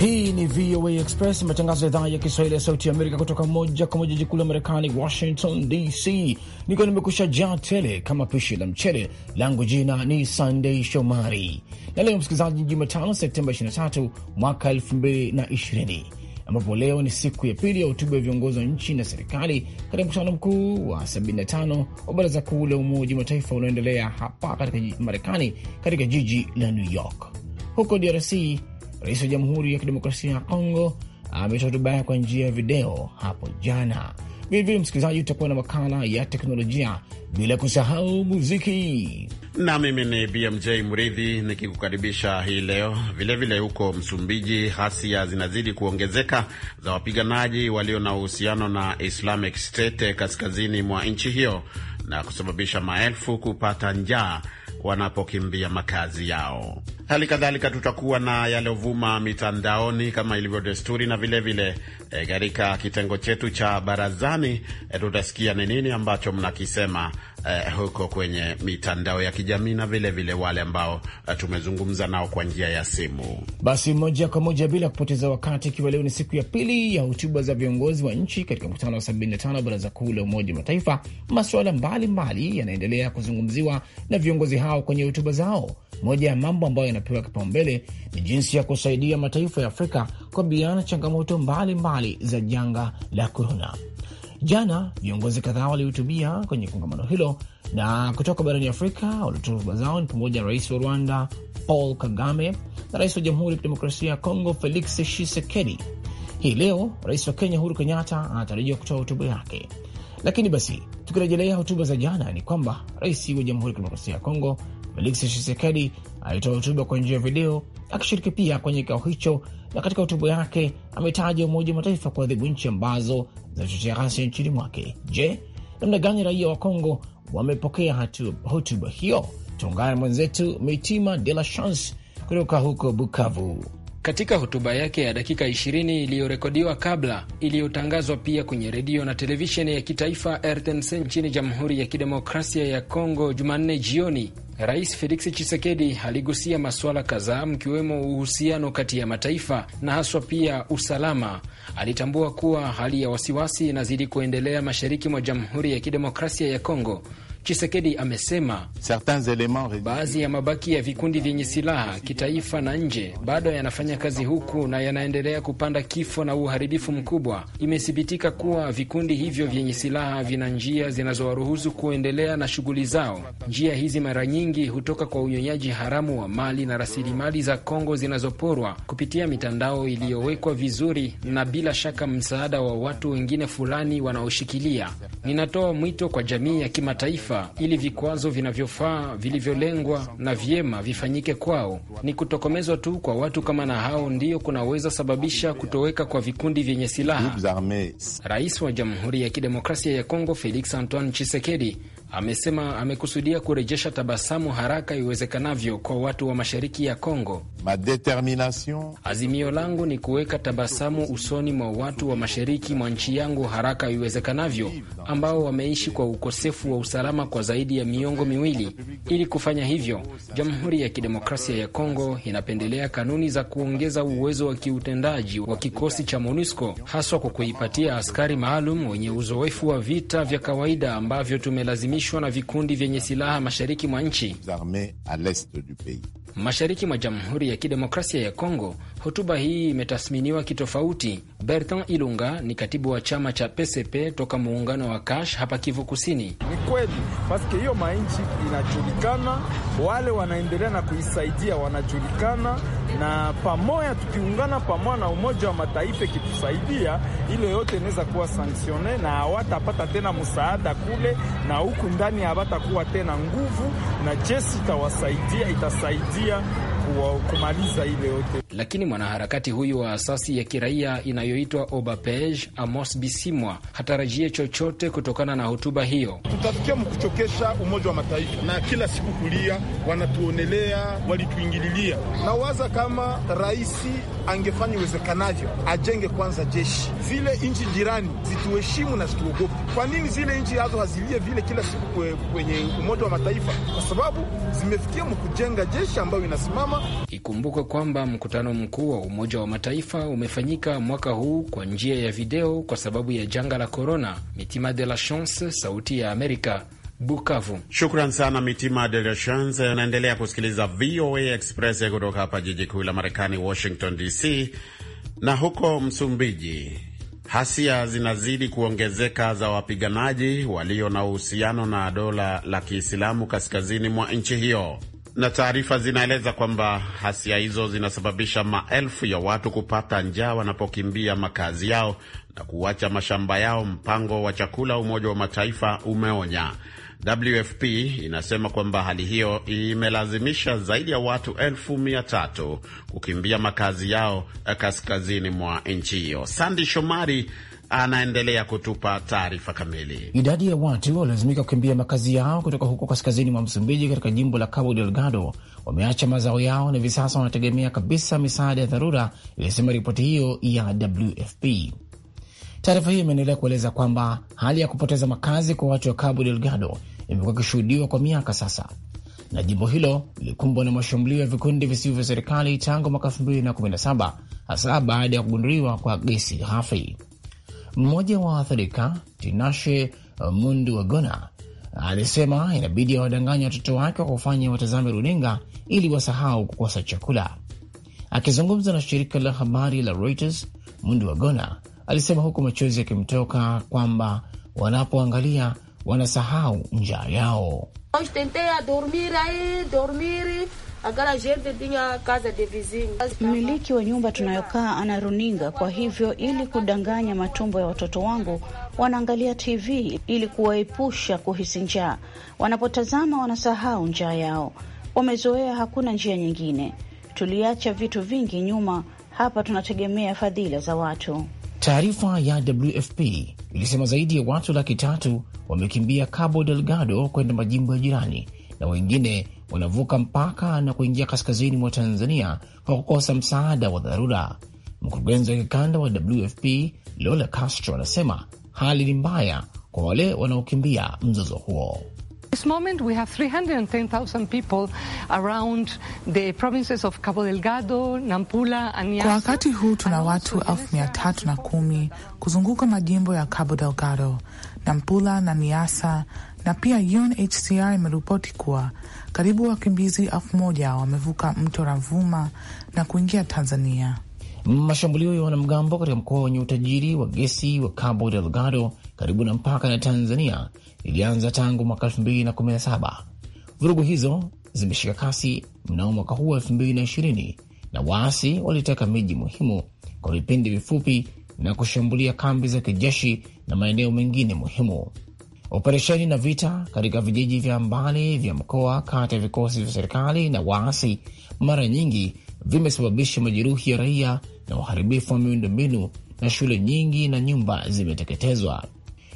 Hii ni VOA Express, matangazo ya idhaa ya Kiswahili ya Sauti ya Amerika kutoka moja kwa moja jikuu la Marekani, Washington DC. Niko nimekusha jaa tele kama pishi la mchele langu. Jina ni Sandei Shomari, na leo msikilizaji, Jumatano Septemba 23 mwaka 2020 ambapo leo ni siku ya pili ya hotuba ya viongozi wa nchi na serikali katika mkutano mkuu wa 75 wa Baraza Kuu la Umoja wa Mataifa unaoendelea hapa katika Marekani, katika jiji la New York. Huko DRC Rais wa Jamhuri ya Kidemokrasia ya Kongo ametoa hotuba yake kwa njia ya video hapo jana. Vilevile msikilizaji, utakuwa na makala ya teknolojia, bila kusahau muziki na mimi ni BMJ Mridhi nikikukaribisha hii leo. Vilevile vile huko Msumbiji, ghasia zinazidi kuongezeka za wapiganaji walio na uhusiano na Islamic State kaskazini mwa nchi hiyo na kusababisha maelfu kupata njaa wanapokimbia makazi yao. Hali kadhalika tutakuwa na yaliyovuma mitandaoni kama ilivyo desturi, na vilevile eh, katika e, kitengo chetu cha barazani e, tutasikia ni nini ambacho mnakisema e, huko kwenye mitandao ya kijamii na vilevile vile wale ambao e, tumezungumza nao kwa njia ya simu. Basi moja kwa moja bila kupoteza wakati, ikiwa leo ni siku ya pili ya hotuba za viongozi wa nchi katika mkutano wa 75 Baraza Kuu la Umoja wa Mataifa, masuala mbalimbali yanaendelea kuzungumziwa na viongozi hao kwenye hotuba zao, moja ya mambo ambayo yanapewa kipaumbele ni jinsi ya kusaidia mataifa ya Afrika kukabiliana na changamoto mbalimbali za janga la korona. Jana viongozi kadhaa walihutubia kwenye kongamano hilo, na kutoka barani Afrika walitoa hotuba zao ni pamoja na rais wa Rwanda Paul Kagame na rais wa Jamhuri ya Kidemokrasia ya Kongo Felix Tshisekedi. Hii leo rais wa Kenya Uhuru Kenyatta anatarajiwa kutoa hotuba yake. Lakini basi tukirejelea hotuba za jana, ni kwamba rais wa Jamhuri ya Kidemokrasia ya Kongo Felix Tshisekedi alitoa hotuba kwa njia ya video akishiriki pia kwenye kikao hicho, na katika hotuba yake ametaja Umoja wa Mataifa kuadhibu nchi ambazo zinachochea ghasia nchini mwake. Je, namna gani raia wa Kongo wamepokea hotuba hiyo? Tuungane na mwenzetu Mitima De La Chance kutoka huko Bukavu. Katika hotuba yake ya dakika 20 iliyorekodiwa kabla iliyotangazwa pia kwenye redio na televisheni ya kitaifa RTNC nchini Jamhuri ya Kidemokrasia ya Kongo Jumanne jioni, Rais Felix Tshisekedi aligusia masuala kadhaa mkiwemo uhusiano kati ya mataifa na haswa pia usalama. Alitambua kuwa hali ya wasiwasi inazidi kuendelea mashariki mwa Jamhuri ya Kidemokrasia ya Kongo Chisekedi amesema baadhi ya mabaki ya vikundi vyenye silaha kitaifa na nje bado yanafanya kazi huku na yanaendelea kupanda kifo na uharibifu mkubwa. Imethibitika kuwa vikundi hivyo vyenye silaha vina njia zinazowaruhusu kuendelea na shughuli zao. Njia hizi mara nyingi hutoka kwa unyonyaji haramu wa mali na rasilimali za Kongo zinazoporwa kupitia mitandao iliyowekwa vizuri na bila shaka msaada wa watu wengine fulani wanaoshikilia. Ninatoa mwito kwa jamii ya kimataifa taifa ili vikwazo vinavyofaa vilivyolengwa na vyema vifanyike kwao. Ni kutokomezwa tu kwa watu kama na hao ndiyo kunaweza sababisha kutoweka kwa vikundi vyenye silaha. Rais wa Jamhuri ya Kidemokrasia ya Kongo Felix Antoine Tshisekedi amesema amekusudia kurejesha tabasamu haraka iwezekanavyo kwa watu wa mashariki ya Kongo. Azimio langu ni kuweka tabasamu usoni mwa watu wa mashariki mwa nchi yangu haraka iwezekanavyo, ambao wameishi kwa ukosefu wa usalama kwa zaidi ya miongo miwili. Ili kufanya hivyo, Jamhuri ya Kidemokrasia ya Kongo inapendelea kanuni za kuongeza uwezo wa kiutendaji wa kikosi cha MONUSCO, haswa kwa kuipatia askari maalum wenye uzoefu wa vita vya kawaida ambavyo tumelazimishwa na vikundi vyenye silaha mashariki mwa nchi mashariki mwa Jamhuri ya Kidemokrasia ya Kongo Hotuba hii imetathminiwa kitofauti. Bertrand Ilunga ni katibu wa chama cha PCP toka muungano wa Kash hapa Kivu Kusini. Ni kweli paske hiyo mainchi inajulikana, wale wanaendelea na kuisaidia wanajulikana, na pamoja tukiungana pamoja na Umoja wa Mataifa ikitusaidia, ile yote inaweza kuwa sanksione na hawatapata tena msaada kule, na huku ndani hawatakuwa tena nguvu, na jeshi itawasaidia, itasaidia kumaliza ile yote. Lakini mwanaharakati huyu wa asasi ya kiraia inayoitwa Obapege, Amos Bisimwa, hatarajie chochote kutokana na hotuba hiyo. Tutafikia mkuchokesha Umoja wa Mataifa na kila siku kulia, wanatuonelea walituingililia, na waza kama raisi angefanya iwezekanavyo ajenge kwanza jeshi, zile nchi jirani zituheshimu na zituogope. Kwa nini zile nchi hazo hazilie vile kila siku kwenye Umoja wa Mataifa? Kwa sababu zimefikia mkujenga jeshi ambayo inasimama Ikumbukwe kwamba mkutano mkuu wa Umoja wa Mataifa umefanyika mwaka huu kwa njia ya video kwa sababu ya janga la korona. Mitima de la Chance, Sauti ya Amerika, Bukavu. Shukran sana Mitima de la Chance. Unaendelea kusikiliza VOA Express kutoka hapa jiji kuu la Marekani, Washington DC. Na huko Msumbiji, hasia zinazidi kuongezeka za wapiganaji walio na uhusiano na dola la Kiislamu kaskazini mwa nchi hiyo na taarifa zinaeleza kwamba hasia hizo zinasababisha maelfu ya watu kupata njaa wanapokimbia makazi yao na kuacha mashamba yao, mpango wa chakula Umoja wa Mataifa umeonya. WFP inasema kwamba hali hiyo imelazimisha zaidi ya watu elfu mia tatu kukimbia makazi yao kaskazini mwa nchi hiyo. Sandi Shomari anaendelea kutupa taarifa kamili. Idadi ya watu waliolazimika kukimbia makazi yao kutoka huko kaskazini mwa Msumbiji katika jimbo la Cabo Delgado wameacha mazao yao na hivi sasa wanategemea kabisa misaada ya dharura, ilisema ripoti hiyo ya WFP. Taarifa hiyo imeendelea kueleza kwamba hali ya kupoteza makazi kwa watu wa Cabo Delgado imekuwa ikishuhudiwa kwa miaka sasa, na jimbo hilo lilikumbwa na mashambulio ya vikundi visivyo vya serikali tangu mwaka 2017 hasa baada ya kugunduliwa kwa gesi ghafi. Mmoja wa waathirika Tinashe uh, Mundu Wagona alisema inabidi awadanganya watoto wake wa kufanya watazame runinga ili wasahau kukosa chakula. Akizungumza na shirika la habari la Reuters, Mundu Wagona alisema huku machozi yakimtoka kwamba wanapoangalia wanasahau njaa yao. Mmiliki wa nyumba tunayokaa ana runinga, kwa hivyo ili kudanganya matumbo ya watoto wangu, wanaangalia TV ili kuwaepusha kuhisi njaa. Wanapotazama wanasahau njaa yao, wamezoea, hakuna njia nyingine. Tuliacha vitu vingi nyuma, hapa tunategemea fadhila za watu. Taarifa ya WFP ilisema zaidi ya watu laki tatu wamekimbia Cabo Delgado kwenda majimbo ya jirani na wengine wanavuka mpaka na kuingia kaskazini mwa Tanzania kwa kukosa msaada wa dharura. Mkurugenzi wa kikanda wa WFP Lola Castro anasema hali ni mbaya kwa wale wanaokimbia mzozo huo. Kwa wakati huu tuna watu elfu mia tatu na kumi kuzunguka majimbo ya Cabo Delgado, Nampula na Niasa, na pia UNHCR imeripoti kuwa karibu wakimbizi elfu moja wamevuka mto Ravuma na kuingia Tanzania. Mashambulio ya wanamgambo katika mkoa wenye utajiri wa gesi wa Cabo Delgado karibu na mpaka na Tanzania ilianza tangu mwaka 2017. Vurugu hizo zimeshika kasi mnamo mwaka huu 2020 na waasi waliteka miji muhimu kwa vipindi vifupi na kushambulia kambi za kijeshi na maeneo mengine muhimu. Operesheni na vita katika vijiji vya mbali vya mkoa kati ya vikosi vya serikali na waasi mara nyingi vimesababisha majeruhi ya raia na uharibifu wa miundombinu, na shule nyingi na nyumba zimeteketezwa.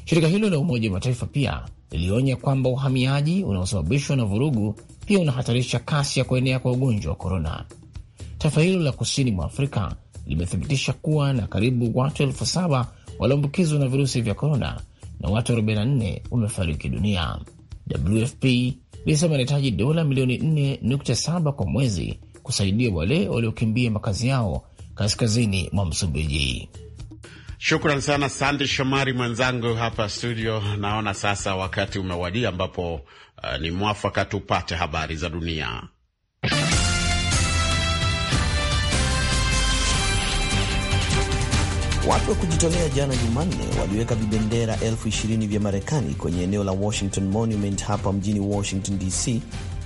Shirika hilo la Umoja wa Mataifa pia lilionya kwamba uhamiaji unaosababishwa na vurugu pia unahatarisha kasi ya kuenea kwa ugonjwa wa korona. Taifa hilo la kusini mwa Afrika limethibitisha kuwa na karibu watu elfu saba walioambukizwa na virusi vya korona na watu 44 wamefariki dunia. WFP ilisema inahitaji dola milioni 4.7 kwa mwezi kusaidia wale waliokimbia makazi yao kaskazini mwa Msumbiji. Shukran sana Sande Shomari mwenzangu hapa studio. Naona sasa wakati umewadia ambapo uh, ni mwafaka tupate habari za dunia. Watu wa kujitolea jana Jumanne waliweka vibendera elfu ishirini vya Marekani kwenye eneo la Washington Monument hapa mjini Washington DC,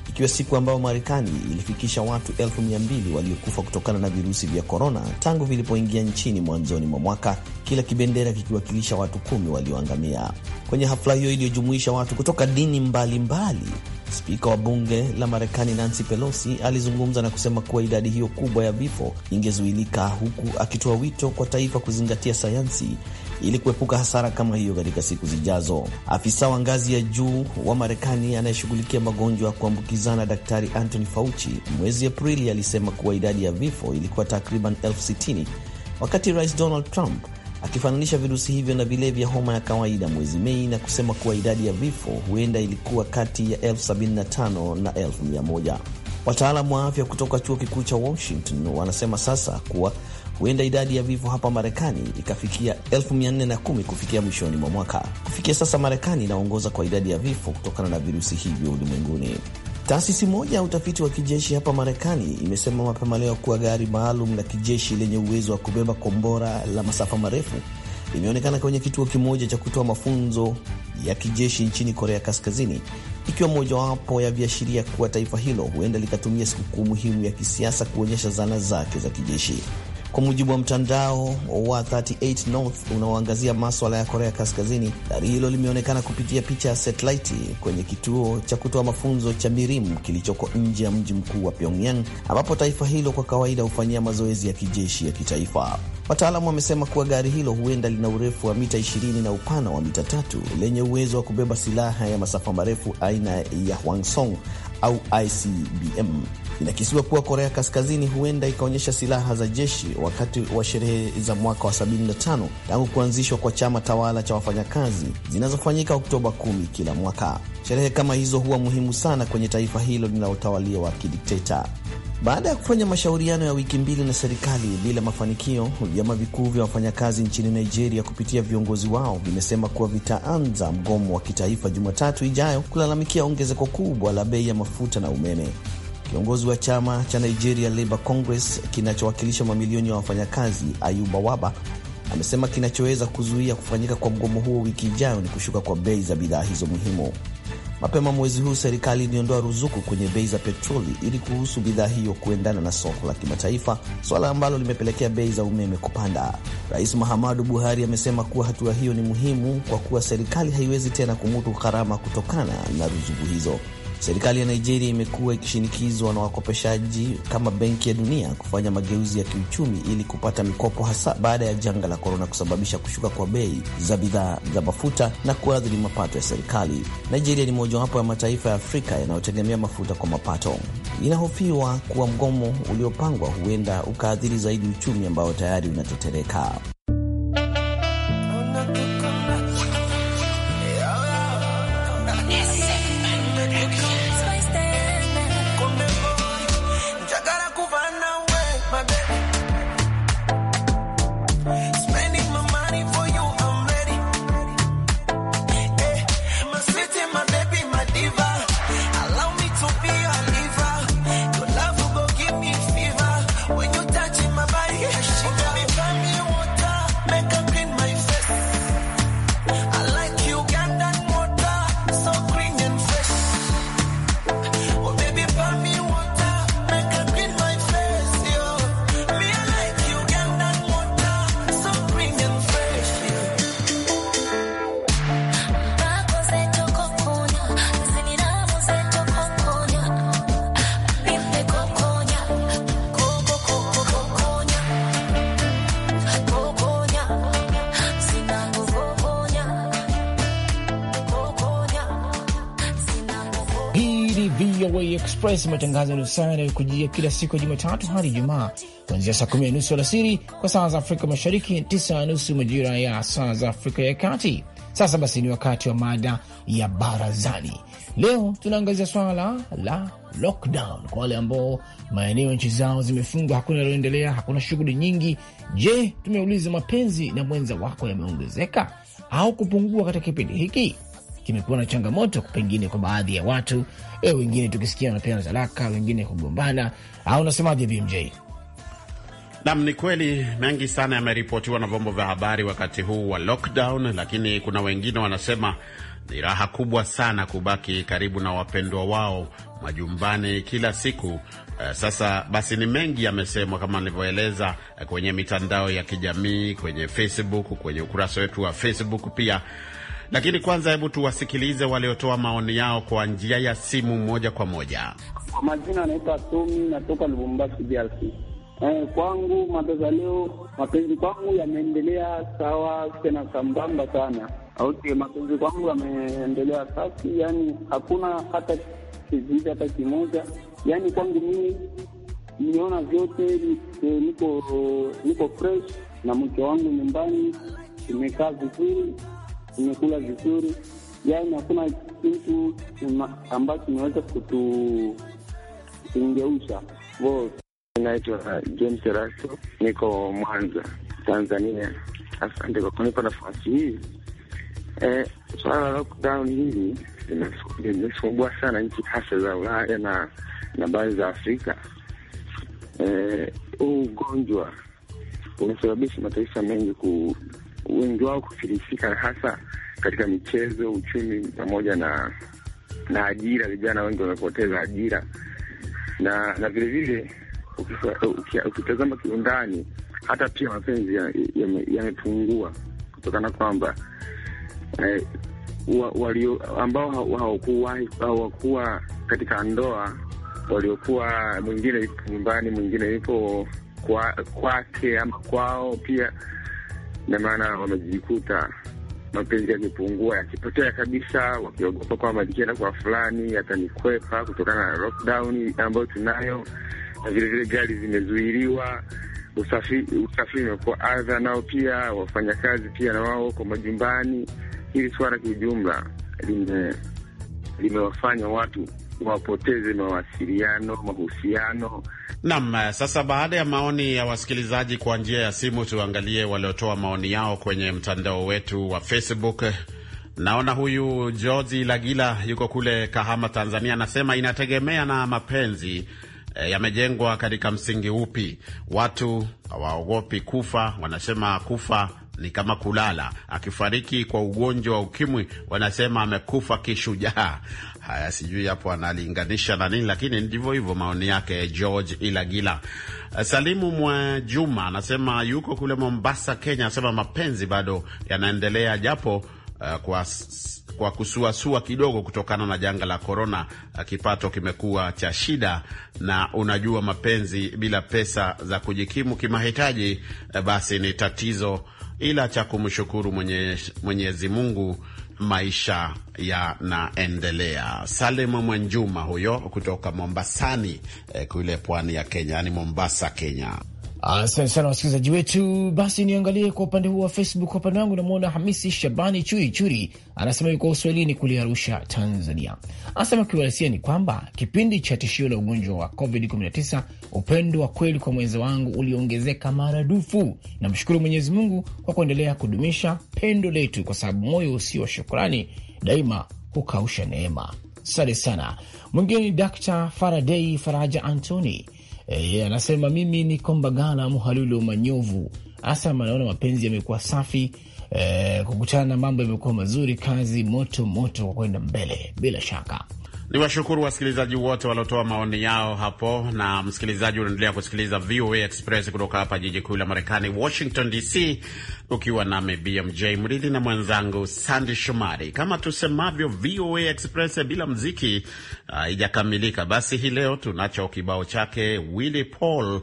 ikiwa siku ambayo Marekani ilifikisha watu elfu mia mbili waliokufa kutokana na virusi vya korona tangu vilipoingia nchini mwanzoni mwa mwaka, kila kibendera kikiwakilisha watu kumi walioangamia. Kwenye hafla hiyo iliyojumuisha watu kutoka dini mbalimbali mbali, Spika wa bunge la Marekani Nancy Pelosi alizungumza na kusema kuwa idadi hiyo kubwa ya vifo ingezuilika, huku akitoa wito kwa taifa kuzingatia sayansi ili kuepuka hasara kama hiyo katika siku zijazo. Afisa wa ngazi ya juu wa Marekani anayeshughulikia magonjwa ya kuambukizana Daktari Anthony Fauci mwezi Aprili alisema kuwa idadi ya vifo ilikuwa takriban elfu sitini wakati Rais Donald Trump akifananisha virusi hivyo na vile vya homa ya kawaida mwezi Mei na kusema kuwa idadi ya vifo huenda ilikuwa kati ya elfu 75 na elfu 100. Wataalamu wa afya kutoka chuo kikuu cha Washington wanasema sasa kuwa huenda idadi ya vifo hapa Marekani ikafikia 410 kufikia mwishoni mwa mwaka. Kufikia sasa, Marekani inaongoza kwa idadi ya vifo kutokana na virusi hivyo ulimwenguni. Taasisi moja ya utafiti wa kijeshi hapa Marekani imesema mapema leo kuwa gari maalum la kijeshi lenye uwezo wa kubeba kombora la masafa marefu limeonekana kwenye kituo kimoja cha kutoa mafunzo ya kijeshi nchini Korea Kaskazini, ikiwa mojawapo ya viashiria kuwa taifa hilo huenda likatumia sikukuu muhimu ya kisiasa kuonyesha zana zake za kijeshi. Kwa mujibu wa mtandao wa 38 North unaoangazia maswala ya Korea Kaskazini, gari hilo limeonekana kupitia picha ya satelaiti kwenye kituo cha kutoa mafunzo cha Mirim kilichoko nje ya mji mkuu wa Pyongyang, ambapo taifa hilo kwa kawaida hufanyia mazoezi ya kijeshi ya kitaifa. Wataalamu wamesema kuwa gari hilo huenda lina urefu wa mita 20 na upana wa mita tatu lenye uwezo wa kubeba silaha ya masafa marefu aina ya Hwangsong au ICBM. Inakisiwa kuwa Korea Kaskazini huenda ikaonyesha silaha za jeshi wakati wa sherehe za mwaka wa 75 tangu kuanzishwa kwa chama tawala cha wafanyakazi zinazofanyika Oktoba 10 kila mwaka. Sherehe kama hizo huwa muhimu sana kwenye taifa hilo linalotawalia wa kidikteta. Baada ya kufanya mashauriano ya wiki mbili na serikali bila mafanikio, vyama vikuu vya wafanyakazi nchini Nigeria kupitia viongozi wao vimesema kuwa vitaanza mgomo wa kitaifa Jumatatu ijayo kulalamikia ongezeko kubwa la bei ya mafuta na umeme. Kiongozi wa chama cha Nigeria Labour Congress kinachowakilisha mamilioni ya wa wafanyakazi, Ayuba Waba, amesema kinachoweza kuzuia kufanyika kwa mgomo huo wiki ijayo ni kushuka kwa bei za bidhaa hizo muhimu. Mapema mwezi huu serikali iliondoa ruzuku kwenye bei za petroli ili kuruhusu bidhaa hiyo kuendana na soko la kimataifa, suala ambalo limepelekea bei za umeme kupanda. Rais Mahamadu Buhari amesema kuwa hatua hiyo ni muhimu kwa kuwa serikali haiwezi tena kumudu gharama kutokana na ruzuku hizo. Serikali ya Nigeria imekuwa ikishinikizwa na wakopeshaji kama Benki ya Dunia kufanya mageuzi ya kiuchumi ili kupata mikopo, hasa baada ya janga la korona kusababisha kushuka kwa bei za bidhaa za mafuta na kuathiri mapato ya serikali. Nigeria ni mojawapo ya mataifa ya Afrika yanayotegemea mafuta kwa mapato. Inahofiwa kuwa mgomo uliopangwa huenda ukaathiri zaidi uchumi ambao tayari unatetereka. Express, matangazo ya nusu saa yanayokujia kila siku ya Jumatatu hadi Ijumaa kuanzia saa kumi na nusu alasiri kwa saa za Afrika Mashariki, tisa na nusu majira ya saa za Afrika ya Kati. Sasa basi, ni wakati wa mada ya barazani. Leo tunaangazia swala la lockdown kwa wale ambao maeneo nchi zao zimefungwa, hakuna yaliyoendelea, hakuna shughuli nyingi. Je, tumeuliza mapenzi na mwenza wako yameongezeka au kupungua katika kipindi hiki? kimekuwa na changamoto pengine kwa baadhi ya watu e, wengine tukisikia wanapeana talaka, wengine kugombana, au unasemaje BMJ? Nam, ni kweli mengi sana yameripotiwa na vyombo vya habari wakati huu wa lockdown, lakini kuna wengine wanasema ni raha kubwa sana kubaki karibu na wapendwa wao majumbani kila siku. Eh, sasa basi, ni mengi yamesemwa kama nilivyoeleza eh, kwenye mitandao ya kijamii, kwenye Facebook, kwenye ukurasa wetu wa Facebook pia lakini kwanza, hebu tuwasikilize waliotoa maoni yao kwa njia ya simu moja kwa moja. Kwa majina anaitwa Tomi, natoka Lubumbashi, DRC. Eh, kwangu matazalio mapenzi kwangu yameendelea sawa tena sambamba sana. Okay, mapenzi kwangu yameendelea safi, yani hakuna hata kizuizi hata kimoja, yani kwangu mimi niliona vyote, niko niko fresh na mke wangu nyumbani, imekaa vizuri tumekula vizuri, yaani hakuna kitu ambacho kimeweza kutungeusha. Naitwa James Rasto, niko Mwanza, Tanzania. Asante kwa kunipa nafasi hii. Eh, swala la lockdown hili limesumbua sana nchi hasa za Ulaya na na baadhi za Afrika. E, huu eh, ugonjwa umesababisha mataifa mengi ku wengi wao kufilisika, hasa katika michezo, uchumi pamoja na na ajira. Vijana wengi wamepoteza ajira na na vilevile, ukitazama kiundani, hata pia mapenzi yamepungua ya, ya kutokana kwamba eh, walio ambao hawakuwa katika ndoa waliokuwa mwingine yupo nyumbani, mwingine yupo kwake kwa ama kwao, pia na maana wamejikuta mapenzi yamepungua, yakipotea kabisa, wakiogopa kwamba nikienda kwa fulani yatanikwepa kutokana na lockdown ambayo tunayo, na vilevile gari zimezuiliwa, usafiri umekuwa adha nao pia, wafanyakazi pia na wao kwa majumbani. Hili swala kiujumla lime- limewafanya watu wapoteze mawasiliano, mahusiano. Naam, eh, sasa baada ya maoni ya wasikilizaji kwa njia ya simu, tuangalie waliotoa maoni yao kwenye mtandao wetu wa Facebook. Naona huyu Georgi Lagila yuko kule Kahama, Tanzania, anasema inategemea na mapenzi e, yamejengwa katika msingi upi. Watu hawaogopi kufa, wanasema kufa ni kama kulala, akifariki kwa ugonjwa wa ukimwi. Wanasema amekufa kishujaa. Haya, sijui hapo analinganisha na nini, lakini ndivyo hivyo maoni yake. George Ilagila Salimu mwa Juma anasema yuko kule Mombasa, Kenya, anasema mapenzi bado yanaendelea japo uh, kwa kwa kusuasua kidogo kutokana na janga la korona. Eh, kipato kimekuwa cha shida, na unajua mapenzi bila pesa za kujikimu kimahitaji, eh, basi ni tatizo ila cha kumshukuru Mwenyezi Mungu, maisha yanaendelea. Salim Mwenjuma huyo kutoka Mombasani eh, kule pwani ya Kenya, yani Mombasa, Kenya. Ah, asante sana wasikilizaji wetu. Basi niangalie kwa upande huu wa Facebook. Kwa upande wangu namwona Hamisi Shabani Chui Churi anasema yuko Uswahilini kule Arusha, Tanzania. Anasema kiuhalisia ni kwamba kipindi cha tishio la ugonjwa wa COVID-19, upendo wa kweli kwa mwenza wangu uliongezeka maradufu. Namshukuru Mwenyezi Mungu kwa kuendelea kudumisha pendo letu, kwa sababu moyo usio wa shukurani daima hukausha neema. Asante sana. Mwingine ni Dr Faradei Faraja Antoni Eh, yeye anasema mimi ni Kombagala Muhalulu Manyovu. Asam anaona mapenzi yamekuwa safi e, eh, kukutana na mambo yamekuwa mazuri, kazi moto moto kwa kwenda mbele bila shaka. Ni washukuru wasikilizaji wote waliotoa maoni yao hapo. Na msikilizaji, unaendelea kusikiliza VOA Express kutoka hapa jiji kuu la Marekani, Washington DC, ukiwa nami BMJ Mridhi na mwenzangu Sandi Shomari. Kama tusemavyo, VOA Express bila mziki ah, haijakamilika. Uh, basi hii leo tunacho kibao chake Willy Paul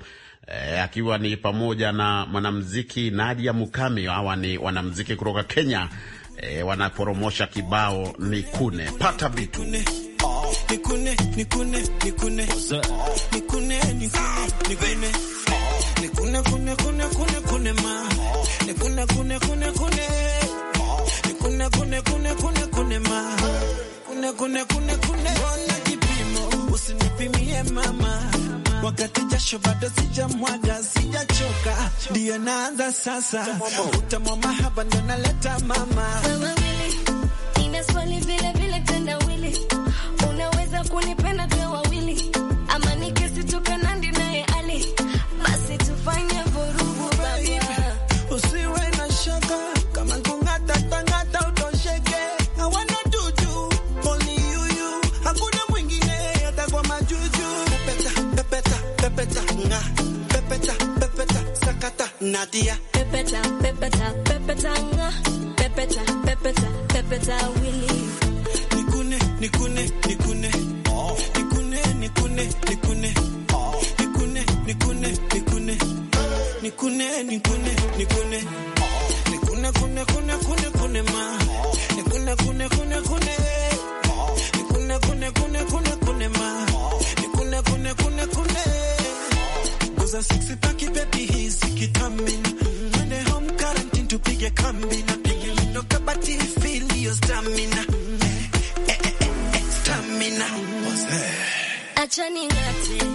E, akiwa ni pamoja na mwanamziki Nadia Mukami. Hawa ni wanamziki kutoka Kenya E, wanaporomosha kibao ni kune pata vitu nikune nikune kipimo usinipimie mama wakati jasho bado sijamwaga sijachoka ndio naanza sasa utamwa mahaba ndio naleta mama kunipenda vya wawili, ama nikisitoka nandi naye ali, basi tufanye vurugu baba, usiwe na shaka Nadia pepeta pepeta pepeta nga pepeta pepeta pepeta wili nikune nikune nikune nikune nikune nikune nikune kune kune kune kune ma nikune kune kune kune nikune kune kune kune kune ma nikune kune kune kune goza six pack baby hizi kitamina twende home quarantine tupige kambi na piga lindo kabati feel your stamina eh eh eh, eh stamina what's that achani ngati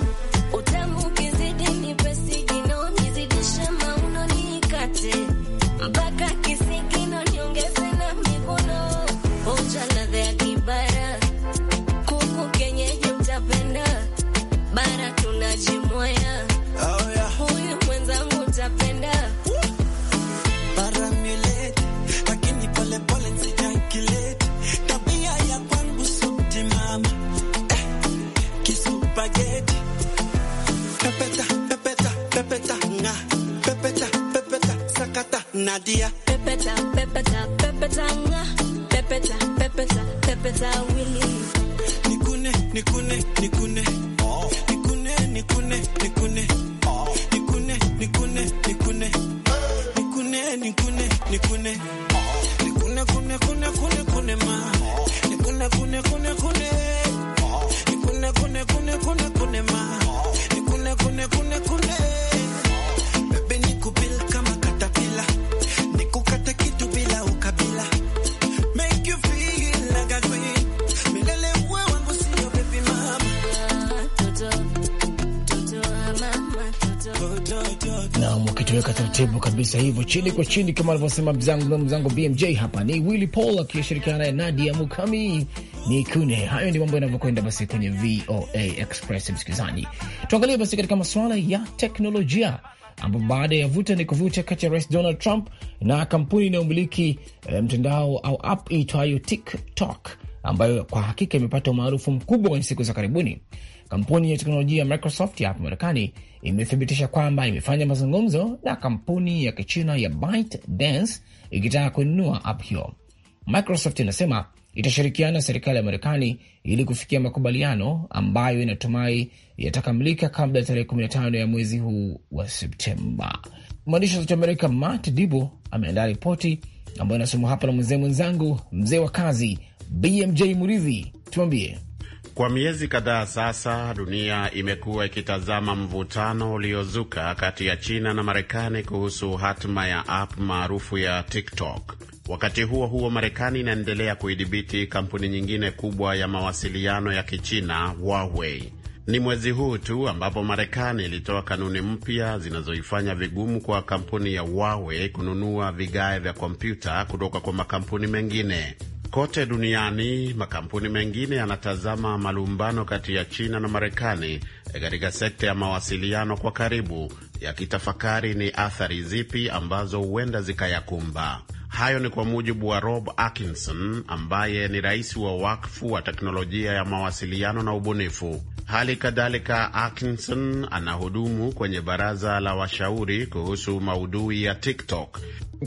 kuvutia pepeta, pepeta, pepeta, pepeta, pepeta, pepeta, wili nikune nikune nikune taratibu kabisa hivyo, chini kwa chini, kama alivyosema mzangu mzangu BMJ. Hapa ni Willy Paul akishirikiana naye Nadia Mukami ni kune. Hayo ndi mambo yanavyokwenda basi kwenye VOA Express. Msikilizaji, tuangalie basi katika masuala ya teknolojia ambapo baada ya vuta ni kuvuta kati ya Rais Donald Trump na kampuni inayomiliki eh, mtandao au app iitwayo TikTok ambayo kwa hakika imepata umaarufu mkubwa kwenye siku za karibuni, kampuni ya teknolojia ya Microsoft ya hapa Marekani imethibitisha kwamba imefanya mazungumzo na kampuni ya kichina ya ByteDance ikitaka kuinunua app hiyo. Microsoft inasema itashirikiana na serikali ya Marekani ili kufikia makubaliano ambayo inatumai yatakamilika kabla ya tarehe 15 ya mwezi huu wa Septemba. Mwandishi wa Sauti Amerika Matt Dibo ameandaa ripoti ambayo inasomwa hapa na mwenzee mwenzangu mzee wa kazi BMJ Muridhi. Tuambie. Kwa miezi kadhaa sasa dunia imekuwa ikitazama mvutano uliozuka kati ya China na Marekani kuhusu hatima ya app maarufu ya TikTok. Wakati huo huo, Marekani inaendelea kuidhibiti kampuni nyingine kubwa ya mawasiliano ya Kichina, Huawei. Ni mwezi huu tu ambapo Marekani ilitoa kanuni mpya zinazoifanya vigumu kwa kampuni ya Huawei kununua vigae vya kompyuta kutoka kwa makampuni mengine. Kote duniani makampuni mengine yanatazama malumbano kati ya China na Marekani katika sekta ya mawasiliano kwa karibu, yakitafakari ni athari zipi ambazo huenda zikayakumba. Hayo ni kwa mujibu wa Rob Atkinson ambaye ni rais wa wakfu wa teknolojia ya mawasiliano na ubunifu. Hali kadhalika, Atkinson anahudumu kwenye baraza la washauri kuhusu maudhui ya TikTok.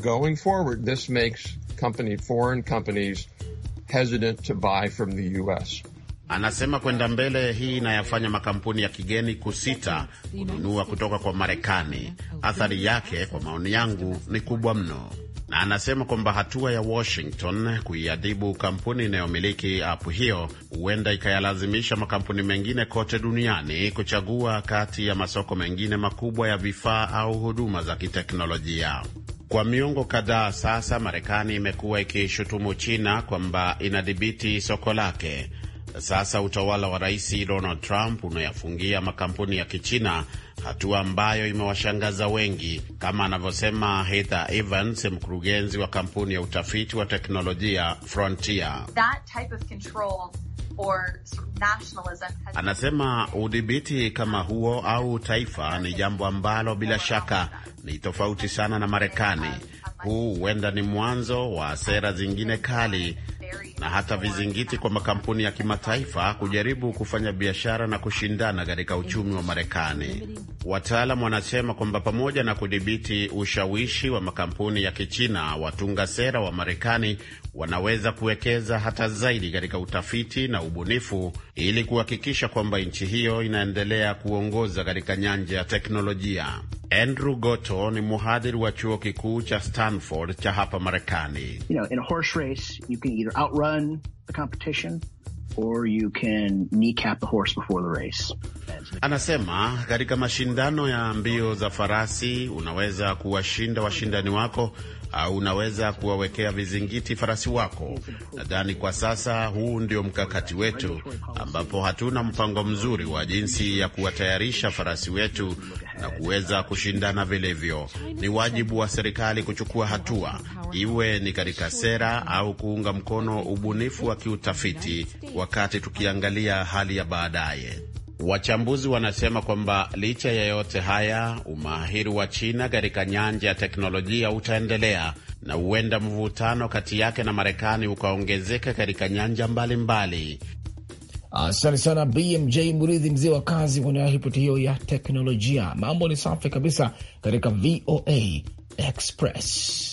Going forward, this makes company, foreign companies hesitant to buy from the US. Anasema kwenda mbele hii inayafanya makampuni ya kigeni kusita kununua kutoka kwa Marekani. Athari yake kwa maoni yangu ni kubwa mno, na anasema kwamba hatua ya Washington kuiadhibu kampuni inayomiliki apu hiyo huenda ikayalazimisha makampuni mengine kote duniani kuchagua kati ya masoko mengine makubwa ya vifaa au huduma za kiteknolojia. Kwa miongo kadhaa sasa, Marekani imekuwa ikishutumu China kwamba inadhibiti soko lake sasa utawala wa Rais Donald Trump unayafungia makampuni ya Kichina, hatua ambayo imewashangaza wengi, kama anavyosema Heather Evans, mkurugenzi wa kampuni ya utafiti wa teknolojia Frontier. Anasema udhibiti kama huo au taifa ni jambo ambalo bila shaka ni tofauti sana na Marekani. Huu huenda ni mwanzo wa sera zingine kali na hata vizingiti kwa makampuni ya kimataifa kujaribu kufanya biashara na kushindana katika uchumi wa Marekani. Wataalam wanasema kwamba pamoja na kudhibiti ushawishi wa makampuni ya Kichina, watunga sera wa Marekani wanaweza kuwekeza hata zaidi katika utafiti na ubunifu ili kuhakikisha kwamba nchi hiyo inaendelea kuongoza katika nyanja ya teknolojia. Andrew Goto ni mhadhiri wa chuo kikuu cha Stanford cha hapa Marekani. You know, Anasema katika mashindano ya mbio za farasi unaweza kuwashinda washindani wako au unaweza kuwawekea vizingiti farasi wako. Nadhani kwa sasa huu ndio mkakati wetu, ambapo hatuna mpango mzuri wa jinsi ya kuwatayarisha farasi wetu na kuweza kushindana vilivyo. Ni wajibu wa serikali kuchukua hatua, iwe ni katika sera au kuunga mkono ubunifu wa kiutafiti, wakati tukiangalia hali ya baadaye. Wachambuzi wanasema kwamba licha ya yote haya, umahiri wa China katika nyanja ya teknolojia utaendelea na huenda mvutano kati yake na Marekani ukaongezeka katika nyanja mbalimbali. Asante sana BMJ Mridhi, mzee wa kazi kwenye ripoti hiyo ya teknolojia. Mambo ni safi kabisa katika VOA Express.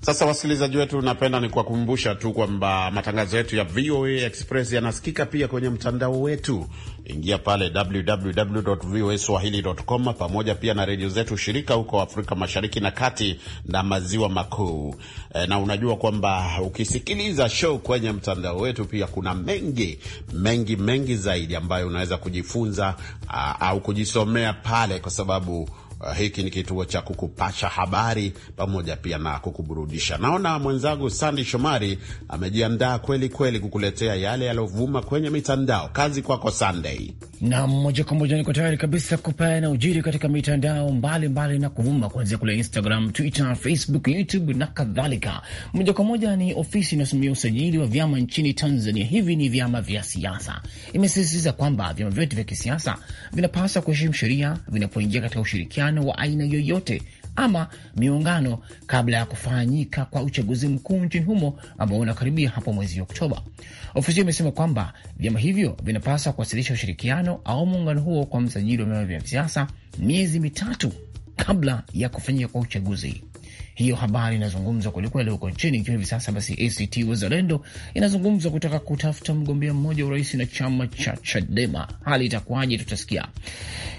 Sasa wasikilizaji wetu, napenda ni kuwakumbusha tu kwamba matangazo yetu ya VOA Express yanasikika pia kwenye mtandao wetu Ingia pale www.voaswahili.com, pamoja pia na redio zetu shirika huko Afrika Mashariki na Kati na Maziwa Makuu. E, na unajua kwamba ukisikiliza show kwenye mtandao wetu pia kuna mengi mengi mengi zaidi ambayo unaweza kujifunza a, au kujisomea pale, kwa sababu Ah, hiki ni kituo cha kukupasha habari pamoja pia na kukuburudisha. Naona mwenzangu Sandi Shomari amejiandaa kweli kweli kukuletea yale yaliyovuma kwenye mitandao. Kazi kwako Sandei. Na moja kwa moja niko tayari kabisa na ujiri katika mitandao mbalimbali mbali na kuvuma kuanzia kule Instagram, Twitter, Facebook, YouTube na kadhalika. Moja kwa moja ni ofisi inayosimamia usajili wa vyama nchini Tanzania, hivi ni vyama vya siasa, imesisitiza kwamba vyama vyote vya kisiasa vinapaswa kuheshimu sheria vinapoingia katika ushirikiano muungano wa aina yoyote ama miungano kabla ya kufanyika kwa uchaguzi mkuu nchini humo ambao unakaribia hapo mwezi Oktoba. Ofisi hiyo imesema kwamba vyama hivyo vinapaswa kuwasilisha ushirikiano au muungano huo kwa msajili wa vyama vya siasa miezi mitatu kabla ya kufanyika kwa uchaguzi hiyo habari inazungumzwa kwelikweli huko nchini, ikiwa hivi sasa basi ACT Wazalendo inazungumzwa kutaka kutafuta mgombea mmoja wa urais na chama cha Chadema. Hali itakuwaje? Tutasikia.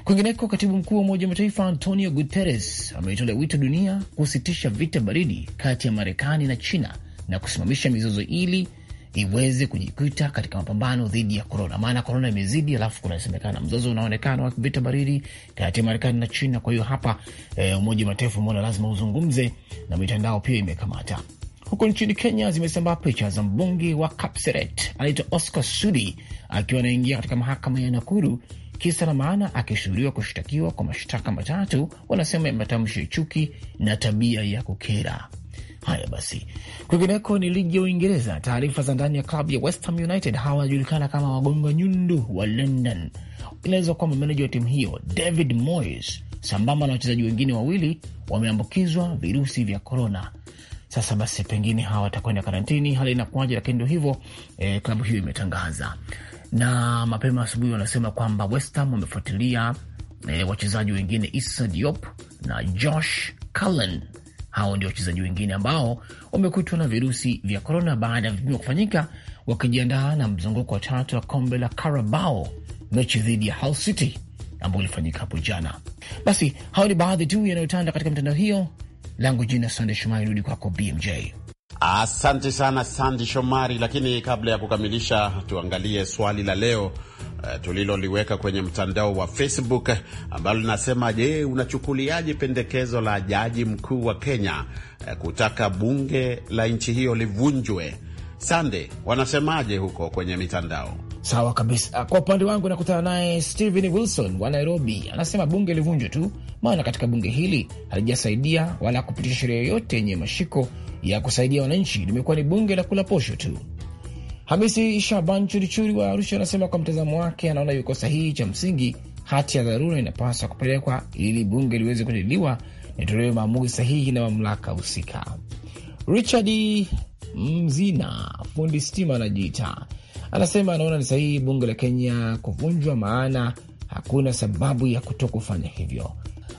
Kwingineko, katibu mkuu wa Umoja wa Mataifa Antonio Guterres ameitolea wito dunia kusitisha vita baridi kati ya Marekani na China na kusimamisha mizozo ili iweze kujikuta katika mapambano dhidi ya korona, maana korona imezidi, alafu kunasemekana mzozo unaonekana wa vita baridi kati ya Marekani na China. Kwa hiyo hapa e, Umoja wa Mataifa umeona lazima uzungumze, na mitandao pia imekamata huko nchini Kenya zimesambaa picha za mbunge wa Kapseret anaitwa Oscar Sudi akiwa anaingia katika mahakama ya Nakuru, kisa na maana akishuhudiwa kushtakiwa kwa mashtaka matatu, wanasema ya matamshi ya chuki na tabia ya kukera. Haya basi, kwingineko ni ligi ya Uingereza. Taarifa za ndani ya klabu ya West Ham United, hawa wanajulikana kama wagonga nyundu wa London, inaweza kwamba meneja wa timu hiyo David Moyes sambamba na wachezaji wengine wawili wameambukizwa virusi vya korona. Sasa basi, pengine hawa watakwenda karantini, hali inakuwaje? Lakini ndo hivyo eh, klabu hiyo imetangaza na mapema asubuhi wanasema kwamba West Ham wamefuatilia eh, wachezaji wengine Issa Diop na Josh Cullen hao ndio wachezaji wengine ambao wamekutwa na virusi vya korona baada ya vipimo kufanyika wakijiandaa na mzunguko wa tatu wa kombe la Carabao, mechi dhidi ya Hull City ambao ulifanyika hapo jana. Basi hao ni baadhi tu yanayotanda katika mitandao hiyo. Langu jina Sande Shumai, rudi kwako BMJ. Asante sana Sandi Shomari, lakini kabla ya kukamilisha, tuangalie swali la leo uh, tuliloliweka kwenye mtandao wa Facebook ambalo linasema je, unachukuliaje pendekezo la jaji mkuu wa Kenya uh, kutaka bunge la nchi hiyo livunjwe? Sande, wanasemaje huko kwenye mitandao? Sawa kabisa. Kwa upande wangu nakutana naye Stephen Wilson wa Nairobi, anasema bunge livunjwa tu, maana katika bunge hili halijasaidia wala kupitisha sheria yoyote yenye mashiko ya kusaidia wananchi, limekuwa ni bunge la kula posho tu. Hamisi Shaban Churichuri wa Arusha anasema kwa mtazamo wake anaona yuko sahihi. Cha msingi hati ya dharura inapaswa kupelekwa ili bunge liweze kujadiliwa na itolewe maamuzi sahihi na mamlaka husika. Richard Mzina, fundi stima anajiita Anasema anaona ni sahihi bunge la Kenya kuvunjwa, maana hakuna sababu ya kuto kufanya hivyo.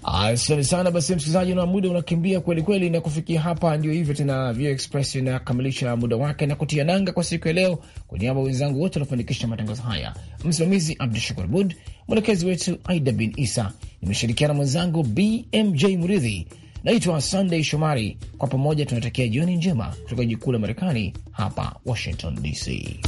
Asante sana. Basi msikilizaji, na muda unakimbia kweli kweli, na kufikia hapa ndio hivyo tena, Vio Express inakamilisha muda wake na kutia nanga kwa siku ya leo. Kwa niaba wenzangu wote wanafanikisha matangazo haya, msimamizi Abdu Shakur Abud, mwelekezi wetu Aida bin Isa, nimeshirikiana mwenzangu BMJ Muridhi. Naitwa Sunday Shomari. Kwa pamoja tunatakia jioni njema kutoka jikuu la Marekani hapa Washington DC.